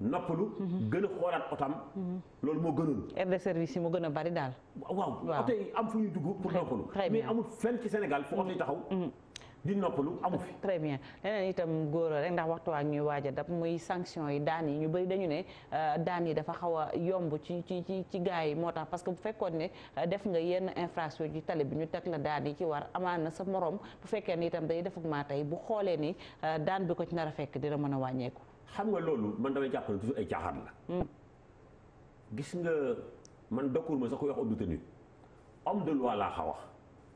noppalu mm-hmm. gën a xoolaat otam mm-hmm. loolu moo gënoon aire de service yi moo gën a bari daal waaw oto yi am fu ñu dugg pour noppalu mais amul fenn ci Sénégal fu oto yi taxaw di noppalu amu fi. très bien leneen itam góor rek ndax waxtu waa ñuy waaj a dab muy sanction yi daan yi ñu bëri dañu ne euh, daan yi dafa xaw a yomb ci ci ci ci gaa yi moo tax parce que bu fekkoon ne euh, def nga yenn infraction ci tali bi ñu teg la daan yi ci war amaan na sa moroom bu fekkee ne itam day def ak maa tey bu xoolee ni euh, daan bi ko ci nar a fekk dina mën a wàññeeku. xam nga loolu man damay jàpp ne toujours ay caaxaan la. Hmm. gis nga man dokkuwul ma sax ku wax homme de tenue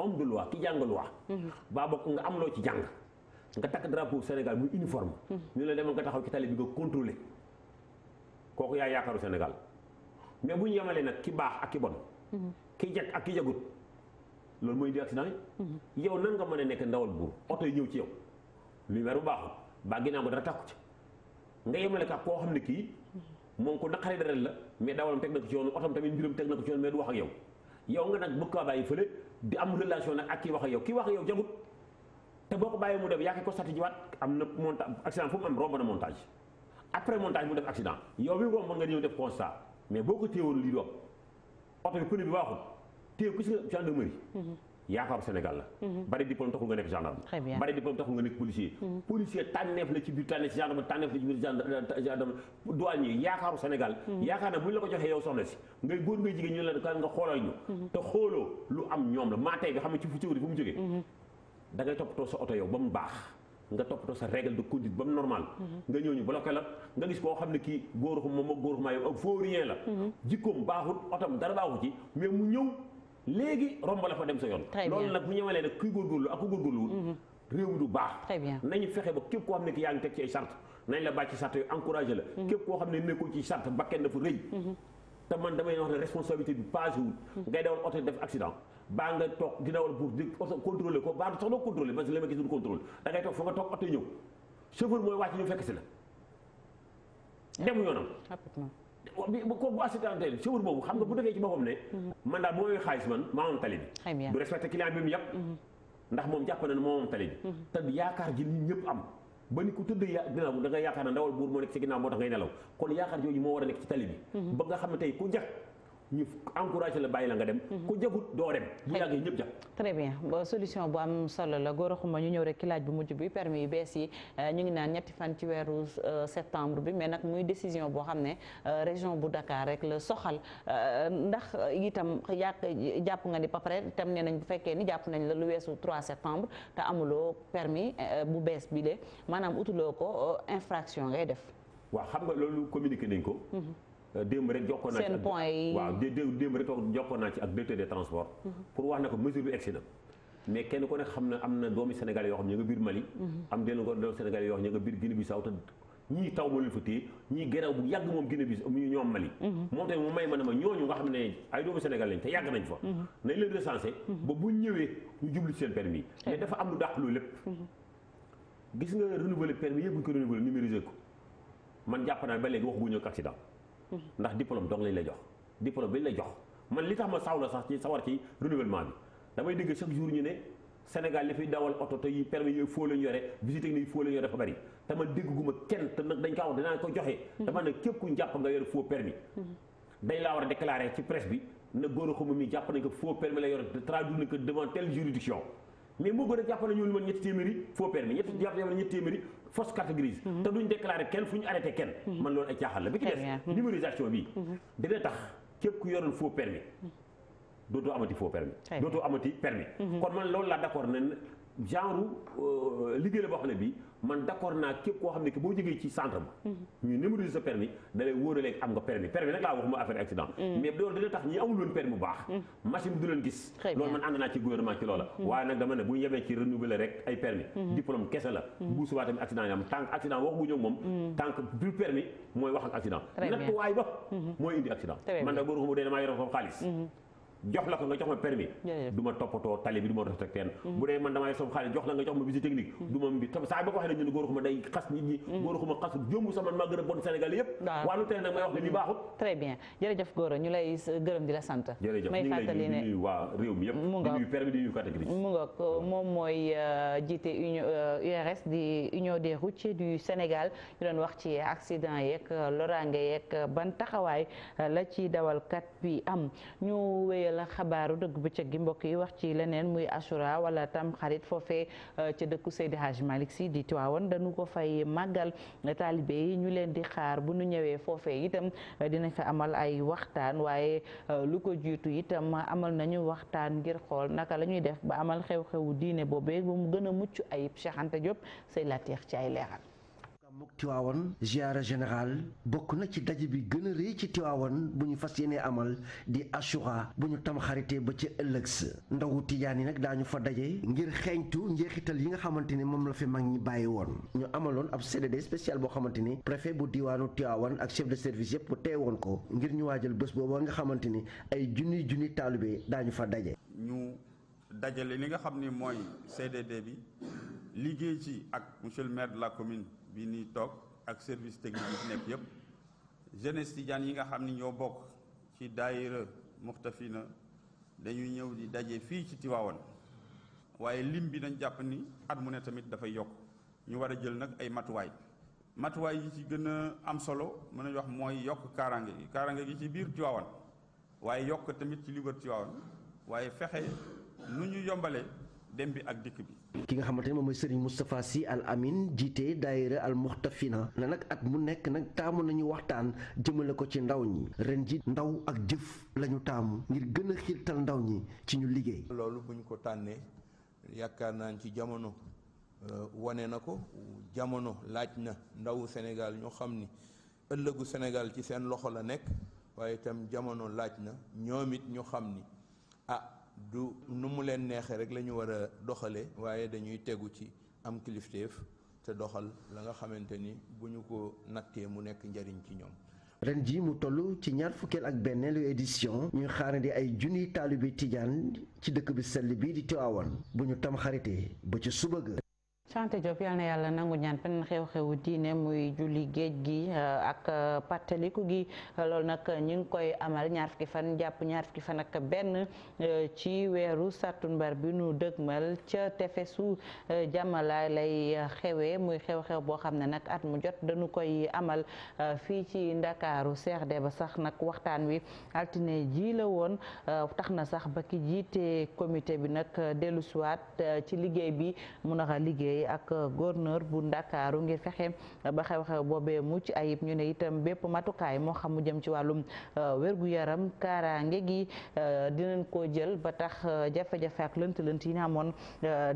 homme de loi ki jàng loi mhm. baa bokk nga am loo ci jàng nga takk drapeau Sénégal muy uniforme mhm. ñu la demal nga taxaw ci tali bi nga contrôler kooku yaa yaakaaru Sénégal mais bu ñu yemalee nag ki baax ak ki bon mhm. ki jag ak ki jagut loolu mooy di accident yi yow nan nga mën a nekk ndawal buur oto yi ñëw ci yow lumière bu baaxul baa ginnaaw ko dara takku ci nga yemale ka koo xam ne kii moom ko naqaree deret la mais dawalam teg na ko ci yoon otom tamit mbiram teg na ko ci yoon mais du wax ak yow di am relation nag ak kii wax ak yow kii wax ak jagut te boo ko bàyyee mu dem yaa ngi constaté jiwaat am na montage accident fu mu am romb na montage après montage mu def accident yow bi romb nga ñëw def constat mais boo ko téyewoon lii doom oto bi pneu bi baaxul téye ko si gendarmerie mm-hmm. yaakaaru Sénégal la mhm. bari diplôme taxul nga nekk gendarme bari diplôme taxul nga nekk policier mhm. policier tànneef la ci biir tànneef ci gendarme tànneef la ci biir gendarme euh, douanier yaakaaru Sénégal mhm. yaakaar na bu ñu la ko joxee yow soxna si ngay góor ngay jigéen ñu la ka nga xoolal ñu te xooloo lu am ñoom la maa tey nga xam ne ci fu théorie fu mu jógee da ngay toppatoo sa oto yow ba mu baax nga toppatoo sa règle de conduite ba mu normal nga ñëw ñu bloqué la nga gis koo xam ne kii góor xu moom ak góor xu maa yow ak faux rien la jikkoom baaxut otom dara baaxu ci mais mu ñëw léegi romb la fa dem sa yoon. loolu nag bu ñu ñëwalee nag kuy góorgóorlu ak ku góorgóorluwul. Mm-hmm. réew mi du baax. nañu fexe ba képp koo xam ne yaa ngi teg ci ay sart nañ la bàcc ci sart yooyu encouragé la. Mm-hmm. képp koo xam ne nekkul ci sart bakken dafa rëy. Mm-hmm. te man damay wax ne responsabilité bi passé wul. ngay dawal oto def accident. baa nga toog di dawal pour di oto contrôlé ko baa sax doo contrôlé parce que toog fa nga toog oto ñëw chauffeur mooy wàcc ñu fekk si la ah. dem ko bu accidentel chauffeur boobu xam nga bu defee ci boppam ne man daal mooy xaalis man maa moom tali bi du respecté client bi mu yàpp mhm. ndax moom jàpp na moo moom tali bi mhm. te yaakaar ji nit ñëpp am ba ni ku tëdd ya ginnaaw da nga yaakaar ne ndawal buur moo nekk ci ginnaaw moo tax ngay nelaw kon yaakaar jooju moo war a nekk ci tali bi mhm. ba nga xam ne tey ku njëkk ñu encouragé la bàyyi la nga dem. Mhm. ku jagut doo dem. bu yàggee ñëpp jag. très bien solution bu am solo la góor xuma ñu ñëw rek ci laaj bu mujj bi permis yu bees yi euh, ñu ngi naan ñetti fan ci weeru euh, septembre bi mais nag muy décision boo xam ne euh, région bu dakaar rek la soxal ndax itam yàq jàpp nga ni ba pare itam nee nañ bu fekkee ni jàpp nañ la lu weesu trois septembre te amuloo permis bu bees bi de maanaam utuloo ko infraction ngay def. waaw xam nga loolu communiqué ko. Mhm. Euh, démb rek jokkoo naa ci seen point yi waaw démb rek jokkoo naa ci ak directeur des transports. Mm-hmm. pour wax ne ko mesure bi egsi na. mais kenn ku ne xam ne am na doomi Sénégal yoo xam ñu nga biir Mali. Mm-hmm. am denn yoo xam ne ñu nga biir Guinée te ñii taw moo fa téye ñii geraw bu yàgg moom Guinée Bissau mu ñoom Mali. Mm-hmm. moom tamit mu may ma ne ma ñooñu nga xam ne ay doomi Sénégal lañ te yàgg nañ fa. nañ leen recensé. ba bu ñëwee ñu jublu seen permis mais eh. dafa am lu dàq loolu lépp. gis nga renouveler permis yëpp bu ko renouveler numériser ko man jàpp naa ba léegi ndax diplôme dong lañ la jox diplôme bi ñu la jox man li tax ma saw la sax ci sawar ci renouvellement bi damay dégg chaque jour ñu ne Sénégal li fiy dawal oto te yi permis yooyu foo lañu yore visite technique foo nag dañ ko wax dinaa ko ku jàpp nga yore foo permis dañ laa war a ci presse bi ne góor xuma mi jàpp nañ ko foo permis la yore traduire nañ ko devant juridiction mais moo gën a jàpp nañu lu man ñetti téeméeri foo permis ñetti jàpp ñetti téeméeri fausse catégorise mhm. te duñ déclaré kenn fu ñu arrêté kenn mhm. man loolu ay caaxal la bi ci des mhm. numérisation bi dina tax képp ku yoroon faux permis dootoo amati faux permis dootoo amati permis kon man loolu laa d'accord ne genre euh, liggéey la boo xam ne bi man d'accord naa képp koo xam ne que boo jógee ci centre ba mm-hmm. ñu numériser sa permis dalay wóoraleeg am nga permis permis nag laa waxuma affaire accident mm-hmm. mais loolu dina tax ñi mm-hmm. man ne bu ñu ci renouveler rek ay permis diplôme kese la bu subaa tamit accident yi am wax bu ñëw moom tant que permis mooy wax ak accident nattuwaay ba mooy indi accident man nag góor xuma dee damaa yoroon foofu xaalis jox la ko nga jox ma permis du toppatoo tali bi du ma respecté kenn mm-hmm. bu dee man damay sob xaalis jox la nga jox ma visite technique mm-hmm. du ma mbi tam saa boo ko waxee ne ñu góor xuma nit ñi mm-hmm. góor xuma xas jëmbu sama maa gën a bon Sénégal yëpp waa lu tey nag baaxut très bien jërëjëf Gora ñu lay gërëm di la sant jërëjëf may fàttali ne nuyu waa réew mi yëpp mu nga moom mooy euh, jiite union URS euh, di du Sénégal ñu doon wax ci accident yeeg loraange yeeg ban taxawaay euh, la ci dawalkat loolee la xabaaru dëgg bu bëccëg gi mbokk yi wax ci leneen muy Ashura wala tam xarit foofee euh, ca dëkku Seydi Hadj Malick Sy di Tiwaawan dañu ko fay màggal taalibe yi ñu leen di xaar bu nu ñëwee foofee itam euh, dinañ fa amal ay waxtaan waaye euh, lu ko jiitu itam amal nañu waxtaan ngir xool naka la ñuy def ba amal xew-xewu diine boobee ba mu gën a mucc ayib Cheikh Anta Diop say lateex ci ay leeral muk Tiwaawan ziara général bokk na ci daje bi gën a rëy ci Tiwaawan bu ñu fas yéenee amal di Ashura bu ñu tam xaritee ba ci ëllëg sa ndawu tijaan yi nag daañu fa daje ngir xeeñtu njeexital yi nga xamante ne moom la fi mag ñi bàyyi woon ñu amaloon ab CDD spécial boo xamante ni préfet bu diwaanu Tiwaawan ak chef de service yëpp woon ko ngir ñu waajal bés boobu nga xamante ni ay junniy junniy taalibe daañu fa daje. ñu dajale li nga xam ni mooy CDD bi liggéey ci ak monsieur le maire de bi ni toog ak service technique yi fi nekk yépp jeunesse tidiane yi nga xam ni ñoo bokk ci daayira na dañuy ñëw di daje fii ci Tiwaawan waaye lim bi dañ jàpp ni at mu ne tamit dafay yokk ñu war a jël nag ay matuwaay matuwaay yi ci gën a am solo mën nañu wax mooy yokk kaaraange gi kaaraange gi ci biir Tiwaawan waaye yokk tamit ci li wër Tiwaawan waaye fexe lu ñu yombale dem bi ak dikk bi ki nga xamante ne moom mooy Serigne Moustapha Sy Al Amin jiite daayira Al Muxtafina na nag at mu nekk nag taamu nañu waxtaan jëmale ko ci ndaw ñi ren ji ndaw ak jëf lañu taamu ngir gën a xiirtal ndaw ñi ci ñu liggéey. loolu bu ñu ko tànnee yaakaar naa ci jamono euh, wane na ko jamono laaj na ndawu senegal ñoo xam ni ëllëgu Sénégal ci seen loxo la nekk waaye itam jamono laaj na ñoom it ñu xam ni ah. du nu mu leen neexee rek lañu ñu war a doxalee waaye dañuy tegu ci am kilifteef te doxal la nga xamante ni bu ñu ko nattee mu nekk njariñ ci ñoom. ren jii mu toll ci ñaar fukkeel ak benneelu édition ñu xaarandi ay junniy taalibe tijaan ci dëkk bi sell bii di Tiwaawan bu ñu tam xaritee ba ci suba ga Chanté Diop yal na yàlla nangu ñaan beneen xew-xewu diine muy julli géej gi euh, ak euh, pàttaliku gi loolu nag ñu ngi koy amal ñaar fukki fan jàpp ñaar fukki fan ak benn euh, ci weeru sàttumbar bi nu dëgmal ca tefesu jàmmalaay lay xewee muy xew-xew boo xam ne nag at jot dañu koy amal fii ci ndakaaru CRD ba sax nag waxtaan wi altine ji la woon tax na sax ba ki jiite commité bi nag dellu ci liggéey bi mu naxa liggéey yi ak gouverneur bu Ndakaaru ngir fexe ba xew-xew boobee mucc ayib ñu ne itam bépp matukaay moo xamu jëm ci wàllum euh, wér-gu-yaram kaaraange gi euh, dinañ ko jël ba tax euh, jafe-jafe ak lënt-lënt yi ñu amoon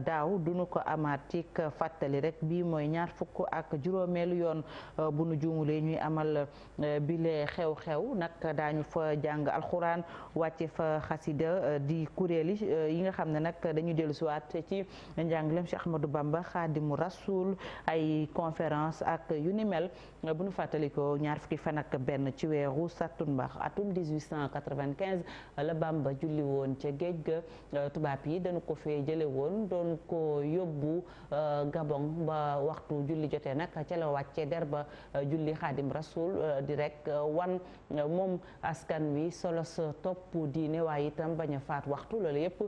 daaw duñu ko amaat ci fàttali rek bii mooy ñaar fukk ak juróomeelu yoon bu nu juumulee ñuy amal bile xew-xew nag daañu fa jàng alxuraan wàcce fa xasida di kuréel yi nga xam ne nag dañu dellusiwaat ci njàngaleem Cheikh Ahmadou Bamba xaadimu rasul ay conférence ak yu ni mel bu ñu fàttalikoo ñaar fukki fan ak benn ci weeru sattumbar atum 1895 la ba julli woon ca géej ga tubaab yi dañu ko fee jële woon doon ko yóbbu euh, Gabon ba waxtu julli jotee nag ca la der ba euh, julli xaadim rasuul euh, direk wan moom askan wi solo sa topp diine waaye itam bañ faat waxtu loolu yépp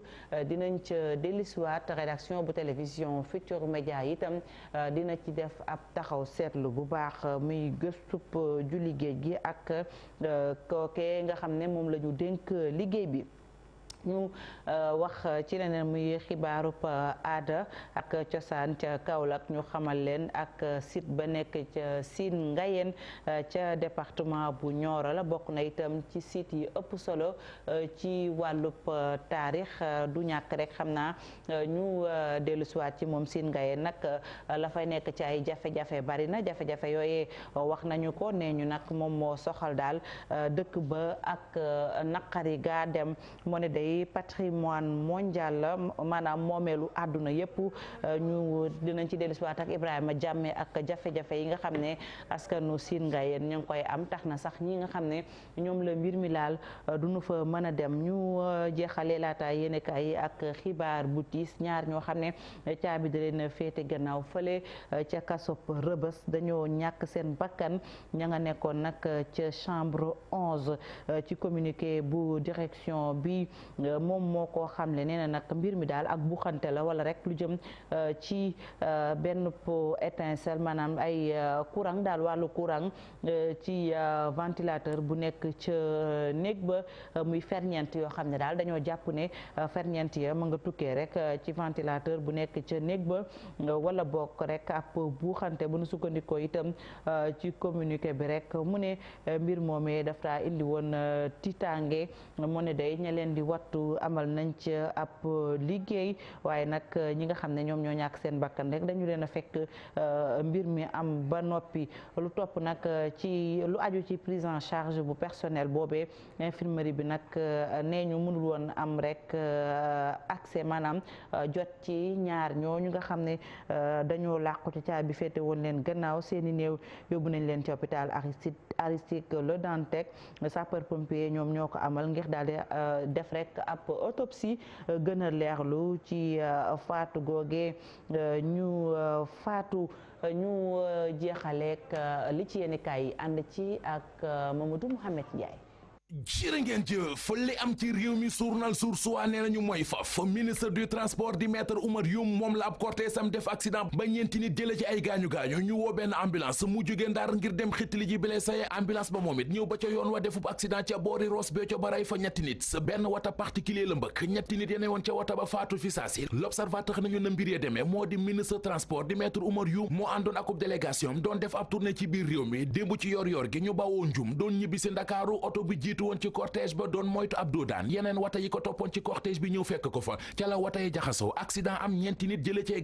dinañ ca dellusiwaat rédaction bu télévision Futurs secteur itam euh, dina ci def ab taxaw seetlu bu baax euh, muy gëstub julli géej gi ak euh, kooke nga xam ne moom la ñu dénk liggéey bi ñu euh, wax ci leneen muy xibaarub euh, aada ak cosaan ca Kaolack ñu xamal leen ak euh, site ba nekk ca Sine Ngayeen ca département bu ñooro la bokk na itam ci site yi ëpp solo ci wàllub taarix du ñàkk rek xam naa ñu dellu siwaat ci moom Sine Ngayeen nag la fay nekk ci ay jafe-jafe bari na jafe-jafe yooyee wax nañu ko nee ñu nag moom moo soxal daal dëkk ba ak naqari gaa dem moo ne day bi patrimoine mondial la maanaam àdduna yëpp euh, ñu dinañ ci dellusiwaat ak Ibrahima Jàmme ak jafe-jafe yi nga xam ne askanu Sine Ngayeen ñu ngi koy am tax na sax ñi nga xam ne ñoom la mbir mi laal euh, du nu fa mën a dem ñu euh, jeexalee laata yéenekaay yi ak xibaar bu tiis ñaar ñoo xam ne caabi da leen féete gannaaw fële ca kasop rëbës dañoo ñàkk seen bakkan ña nga nekkoon nag ca chambre 11 ci communiqué bu direction bi moom moo koo xamle nee na nag mbir mi daal ak buxante la wala rek lu jëm euh, ci euh, benn étincelle maanaam ay euh, courant daal wàllu courant ci ventilateur bu nekk ca néeg ba muy ferñeent yoo xam ne daal dañoo jàpp ne ferñeent ya ma nga tukkee rek ci ventilateur bu nekk ca néeg ba wala bokk rek ab buuxante bu nu sukkandikoo itam ci communiqué bi rek mu ne mbir moomee dafa indi woon tiitaange mu day ña di wat waxtu amal nañ ca ab liggéey waaye nag euh, ñi nga xam ne ñoom ñoo ñàkk seen bakkan rek dañu leen a fekk euh, mbir mi am ba noppi lu topp nag euh, ci lu aju ci prise en charge bu personnel boobee infirmerie bi nag nee ñu mënul woon am rek accès maanaam jot ci ñaar ñoo ñu nga xam ne dañoo làqu ci caabi féete woon leen gannaaw seeni néew yóbbu nañ leen ci hôpital Aristide aristique Le Dantec sapeur pompier ñoom ñoo ko amal ngir daal di euh, def rek ab autopsie euh, gën a leerlu ci euh, faatu googe ñu faatu ñu jeexaleek li ci yenn yi ànd ci ak Mamadou Mouhamed Ndiaye jërë ngeen jëf li am ci réew mi journal Source A nee nañu mooy faf ministre du transport di maître Oumar Youm moom la ab cortège def accident ba ñeenti nit jële ci ay gaañu-gaañu ñu woo benn ambulance mu jógee Ndar ngir dem xittali ji blessé ya ambulance ba moom it ñëw ba ca yoon wa defub accident ca boori Ross Béthio ba rey fa ñetti nit sa benn wata particulier la mbëkk ñetti nit yeneen woon ca wata ba faatu fi l'observateur nañu na mbir yee mi démb ci yor yor jiitu woon ci cortège ba doon moytu Abdou Daan yeneen wata yi ko toppoon ci cortège bi ñëw fekk ko fa ca la wata yi jaxasoo accident am ñeenti nit jële ci ay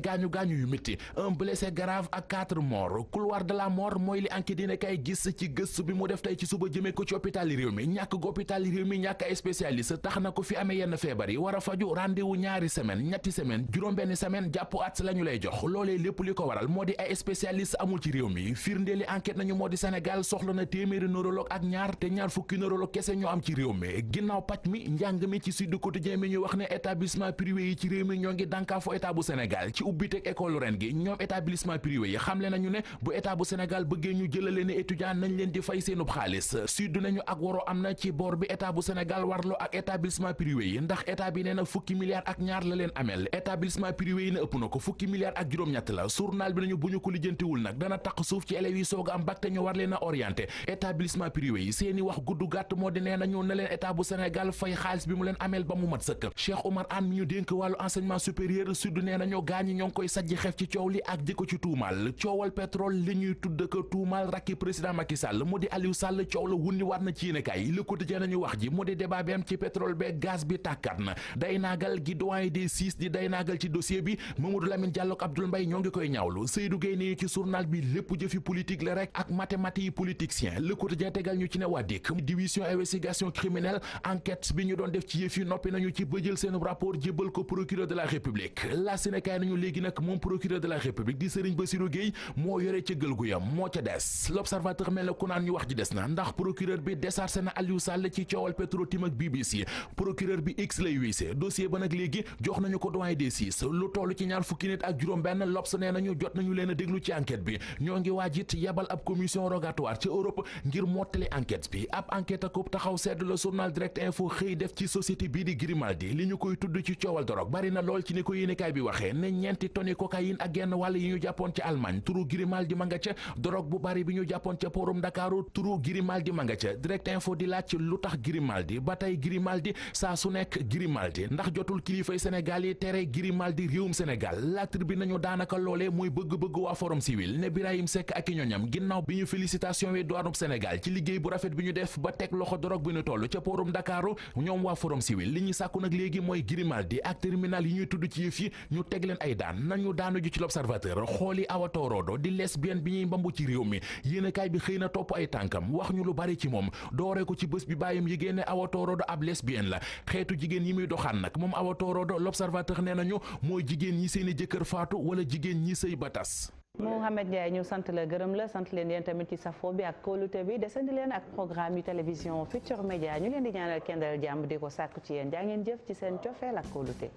gaañu-gaañu yu métti un blessé grave ak quatre morts couloir de la mort mooy li enquête dina kay gis ci gëstu bi mu def tey ci suba jëmee ko ci hôpital réew mi ñàkk gu hôpital réew mi ñàkk ay spécialiste tax na ko fi amee yenn feebar yi war a faju rendez-vous ñaari semaine ñetti semaine juróom-benn semaine jàpp at la ñu lay jox loolee lépp li ko waral moo di ay spécialiste amul ci réew mi firndeeli enquête nañu moo di Sénégal soxla na téeméeri neurologue ak ñaar te ñaar fukki neurologue kese ñoo am ci réew mi ginnaaw mi njàng mi ci Sud Quotidien wax ne établissement privé yi ci réew mi ñoo ngi dànkaafu état bu Sénégal ci ubbiteg école ren gi ñoom établissement privé yi xam xamle nañu ne bu état bu Sénégal bëggee ñu jëlale ne étudiant nañ leen di fay seenub xaalis sud nañu ak waroo am na ci boor bi état bu Sénégal warloo ak établissement bi nee na fukki milliards ak ñaar la leen amel établissement privé yi na fukki milliards ak juróom-ñett la journal bi nañu bu ñu ko lijjantiwul nag dana taq suuf ci élèves yi am bac te ñu war leen a orienté établissement privé yi seeni wax gudd gàtt moo na leen état bu Sénégal fay xaalis bi mu leen amel ba mu mat sëkk Cheikh Oumar Anne mi ñu dénk wàllu enseignement supérieur sud nee nañu gaañi ñoo ngi koy coowal pétrole li ñuy tudd ko tuumal rakki président Macky Sall mu di Aliou Sall coow la wundi waat na ci yéenekaay yi Le nañu wax ji mu di débat bi am ci pétrole beeg gaz bi tàkkat na day naagal gi doyen des six di day naagal ci dossier bi Mamadou Lamine Diallo ak Abdoul Mbaye ñoo ngi koy ñaawlu Seydou Gueye ne ci journal bi lépp jëfi politique la rek ak mathématiques yi politicien Le Quotidien tegal ñu ci ne waa dikk division investigation criminelle enquête bi ñu doon def ci yëf yi noppi nañu ci bëjël seen rapport jébbal ko procureur de la République la nag moom procureur de la République di Serigne Bassirou Gueye moo yore ca gël gu yam moo ca des l'observateur mel na ku naan ñu wax ji des na ndax procureur bi déchargé na Aliou Sall ci coowal Petro-Tim ak BBC procureur bi x lay wiise dossier ba nag léegi jox nañu ko doyen des six lu toll ci ñaar fukki nit ak juróom benn L'Obs nee nañu jot nañu leen a déglu ci enquête bi ñoo ngi waaj it yebal ab commission rogatoire ci Europe ngir mottali enquête bi ab enquête ak taxaw sedd la journal direct info xëy def ci société bii di Grimaldi li ñu koy tudd ci coowal dorog bari na lool ci ni ko yéenekaay bi waxee ne ñeenti toni cocaïne ak genn wàll yi ñu jàppoon ci turu Grimaldi ma nga ca drogue bu bari bi ñu jàppoon ca porum Ndakaaru turu Grimaldi ma nga ca direct info di laaj lu tax Grimaldi ba tey Grimaldi saa su nekk Grimaldi ndax jotul kilifay Sénégal yi tere Grimaldi réewum Sénégal la tribune nañu daanaka loolee mooy bëgg-bëgg waa forum civil ne Birahim Seck ak i ñoñam ginnaaw bi ñu félicitation wi douanub Sénégal ci liggéey bu rafet bi ñu def ba teg loxo drogue bi ñu toll ca porum Ndakaaru ñoom waa forum civil li ñu sàkku nag léegi mooy Grimaldi ak terminal yi Ndoodo di lesbienne bi ñuy mbambu ci réew mi yéenekaay bi xëy na topp ay tànkam wax ñu lu bari ci moom doore ko ci bés bi bàyyam yigéen ne Awa Toorodo ab lesbienne la xeetu jigéen yi muy doxaan nag moom Awa Toorodo L'Observateur nee nañu mooy jigéen ñi seeni jëkkër faatu wala jigéen ñi sëy ba tas Mouhamed Ndiaye ñu sant la gërëm la sant leen yéen tamit ci safo bi ak kóolute bi desandi leen ak programme yu télévision Futurs Médias ñu leen di ñaanal kenn dal jàmm ko sàkku ci yéen jaa ngeen jëf ci seen cofeel ak kóolute